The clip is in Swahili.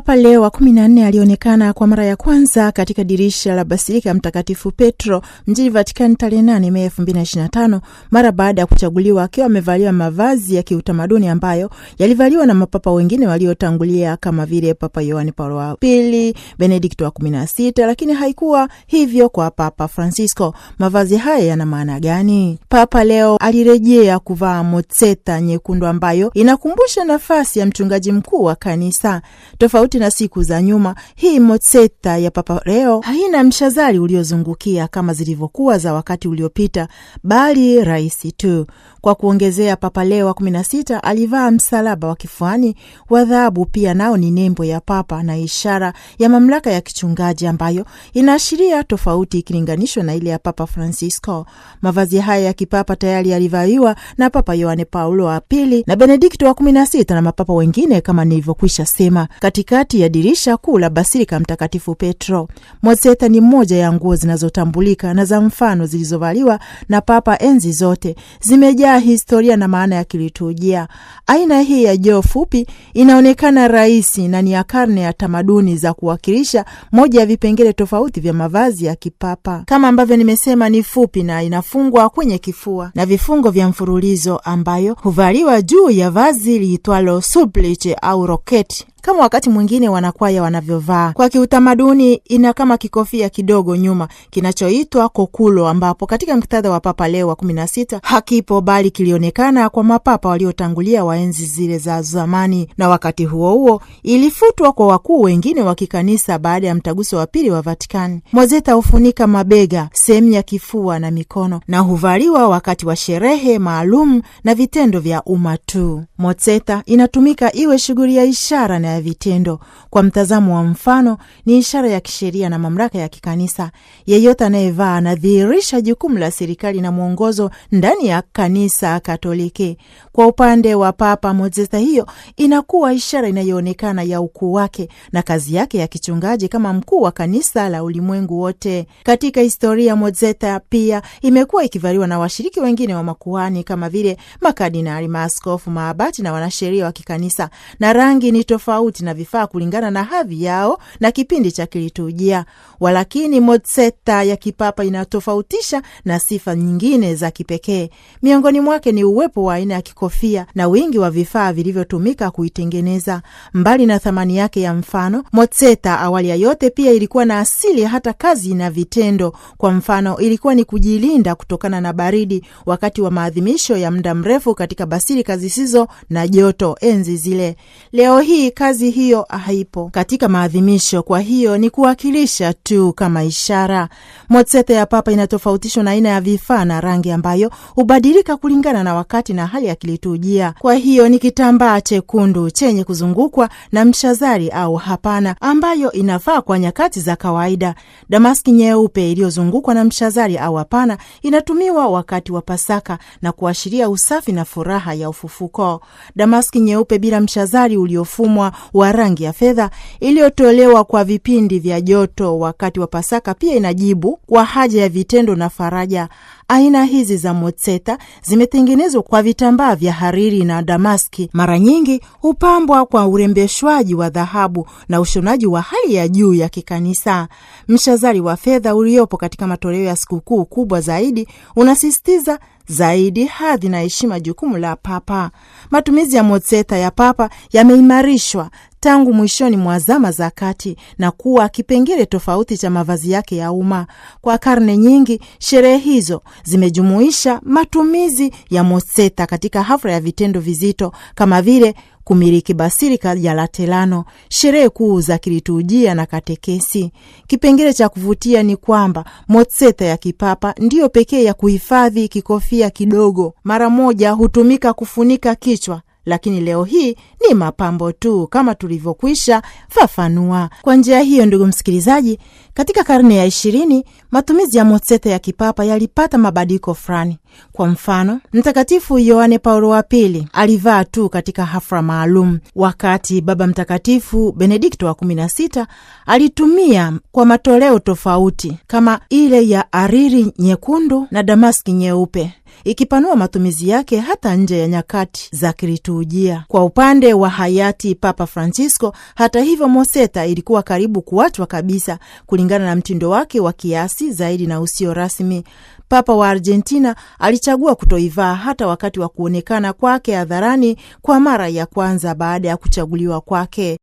Papa Leo wa kumi na nne alionekana kwa mara ya kwanza katika dirisha la basilika ya Mtakatifu Petro mjini Vatikani tarehe nane Mei tano mara baada ya kuchaguliwa, akiwa amevalia mavazi ya kiutamaduni ambayo yalivaliwa na mapapa wengine waliotangulia kama vile Papa Yohani Paulo wa Pili, Benedikto wa 16, lakini haikuwa hivyo kwa Papa Francisco. Mavazi haya yana maana gani? Papa Leo alirejea kuvaa motseta nyekundu ambayo inakumbusha nafasi ya mchungaji mkuu wa kanisa tofauti tofauti na siku za nyuma, hii motseta ya Papa leo haina mshazari uliozungukia kama zilivyokuwa za wakati uliopita, bali rahisi tu. Kwa kuongezea, Papa Leo wa kumi na sita alivaa msalaba wa kifuani wa dhahabu, pia nao ni nembo ya papa na ishara ya mamlaka ya kichungaji ambayo inaashiria tofauti ikilinganishwa na ile ya Papa Francisco. Mavazi haya ya kipapa tayari yalivaiwa na Papa Yohane Paulo wa pili na Benedikto wa kumi na sita na mapapa wengine kama nilivyokwisha sema katika katikati ya dirisha kuu la basilika Mtakatifu Petro. Mozeta ni moja ya nguo zinazotambulika na za mfano zilizovaliwa na Papa enzi zote, zimejaa historia na maana ya kiliturujia. Aina hii ya joo fupi inaonekana rahisi na ni ya karne ya tamaduni za kuwakilisha moja ya vipengele tofauti vya mavazi ya kipapa. Kama ambavyo nimesema, ni fupi na inafungwa kwenye kifua na vifungo vya mfululizo ambayo huvaliwa juu ya vazi liitwalo supplice au roketi kama wakati mwingine wanakwaya wanavyovaa kwa kiutamaduni, ina kama kikofia kidogo nyuma kinachoitwa kokulo, ambapo katika muktadha wa Papa Leo wa kumi na sita hakipo, bali kilionekana kwa mapapa waliotangulia waenzi zile za zamani, na wakati huo huo ilifutwa kwa wakuu wengine wa kikanisa baada ya mtaguso wa pili wa Vatikani. Mozeta hufunika mabega, sehemu ya kifua na mikono, na huvaliwa wakati wa sherehe maalum na vitendo vya umma tu. Mozeta inatumika iwe shughuli ya ishara na ya vitendo kwa mtazamo wa mfano ni ishara ya kisheria na mamlaka ya kikanisa. Yeyote anayevaa anadhihirisha jukumu la serikali na mwongozo ndani ya kanisa Katoliki. Kwa upande wa Papa, mozesta hiyo inakuwa ishara inayoonekana ya ukuu wake na kazi yake ya kichungaji kama mkuu wa kanisa la ulimwengu wote. Katika historia, mozeta pia imekuwa ikivaliwa na washiriki wengine wa makuhani kama vile makadinari maaskofu, maabati na wanasheria wa kikanisa, na rangi ni tofauti tofauti na vifaa kulingana na hadhi yao na kipindi cha kiliturujia. Walakini motseta ya kipapa inatofautisha na sifa nyingine za kipekee. Miongoni mwake ni uwepo wa aina ya kikofia na wingi wa vifaa vilivyotumika kuitengeneza. Mbali na thamani yake ya mfano, motseta awali ya yote pia ilikuwa na asili hata kazi na vitendo. Kwa mfano, ilikuwa ni kujilinda kutokana na baridi wakati wa maadhimisho ya muda mrefu katika basilika zisizo na joto enzi zile. Leo hii kazi hiyo haipo katika maadhimisho, kwa hiyo ni kuwakilisha tu kama ishara. Motsete ya Papa inatofautishwa na aina ya vifaa na rangi ambayo hubadilika kulingana na wakati na hali ya kiliturujia. Kwa hiyo ni kitambaa chekundu chenye kuzungukwa na mshazari au hapana, ambayo inafaa kwa nyakati za kawaida. Damaski nyeupe iliyozungukwa na mshazari au hapana inatumiwa wakati wa Pasaka na kuashiria usafi na furaha ya ufufuko. Damaski nyeupe bila mshazari uliofumwa wa rangi ya fedha iliyotolewa kwa vipindi vya joto wakati wa Pasaka pia inajibu kwa haja ya vitendo na faraja Aina hizi za motseta zimetengenezwa kwa vitambaa vya hariri na damaski, mara nyingi hupambwa kwa urembeshwaji wa dhahabu na ushonaji wa hali ya juu ya kikanisa. Mshazari wa fedha uliopo katika matoleo ya sikukuu kubwa zaidi unasisitiza zaidi hadhi na heshima jukumu la Papa. Matumizi ya motseta ya Papa yameimarishwa tangu mwishoni mwa zama za kati na kuwa kipengele tofauti cha mavazi yake ya umma. Kwa karne nyingi, sherehe hizo zimejumuisha matumizi ya moseta katika hafla ya vitendo vizito kama vile kumiliki basilika ya Laterano, sherehe kuu za kiliturujia na katekesi. Kipengele cha kuvutia ni kwamba motseta ya kipapa ndiyo pekee ya kuhifadhi kikofia kidogo, mara moja hutumika kufunika kichwa lakini leo hii ni mapambo tu kama tulivyokwisha fafanua. Kwa njia hiyo, ndugu msikilizaji, katika karne ya ishirini matumizi ya motsete ya kipapa yalipata mabadiliko fulani. Kwa mfano, Mtakatifu Yohane Paulo wa Pili alivaa tu katika hafla maalum, wakati Baba Mtakatifu Benedikto wa kumi na sita alitumia kwa matoleo tofauti kama ile ya ariri nyekundu na damaski nyeupe ikipanua matumizi yake hata nje ya nyakati za kiliturujia. Kwa upande wa hayati Papa Francisco, hata hivyo, moseta ilikuwa karibu kuachwa kabisa kulingana na mtindo wake wa kiasi zaidi na usio rasmi. Papa wa Argentina alichagua kutoivaa hata wakati wa kuonekana kwake hadharani kwa mara ya kwanza baada ya kuchaguliwa kwake.